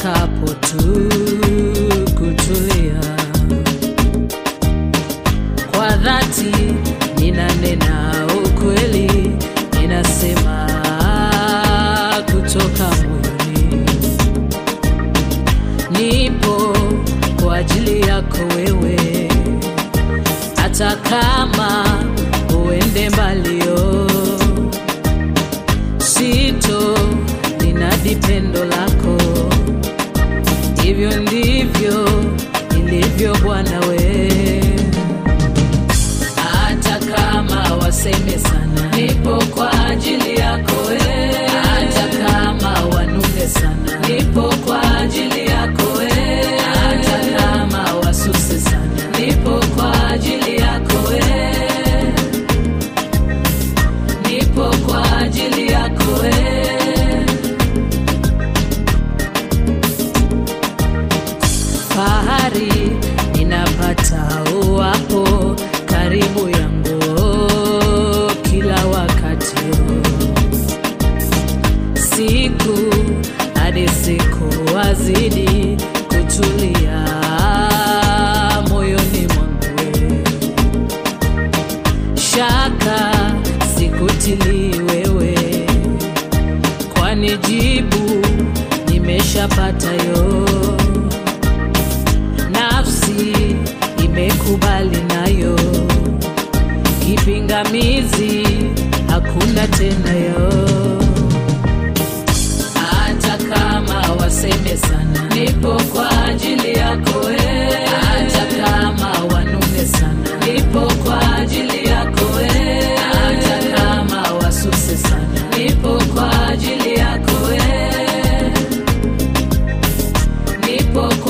utakapo tu kutulia kwa dhati, ninanena ukweli, ninasema kutoka moyoni, nipo kwa ajili yako wewe, hata kama uende mbalio sito ninadi lako hivyo ndivyo ilivyo Bwana we, hata kama waseme sana, nipo kwa ajili yako wewe bahari ninapata uwapo karibu yangu kila wakati, siku hadi siku wazidi kutulia moyoni mwangu, shaka sikutili wewe, kwani jibu nimeshapata yote pingamizi hakuna tena yo. Hata kama waseme sana, nipo kwa ajili yako wewe. Hata kama wanume sana, nipo kwa ajili yako wewe. Hata kama wasuse sana, nipo kwa ajili yako wewe, nipo kwa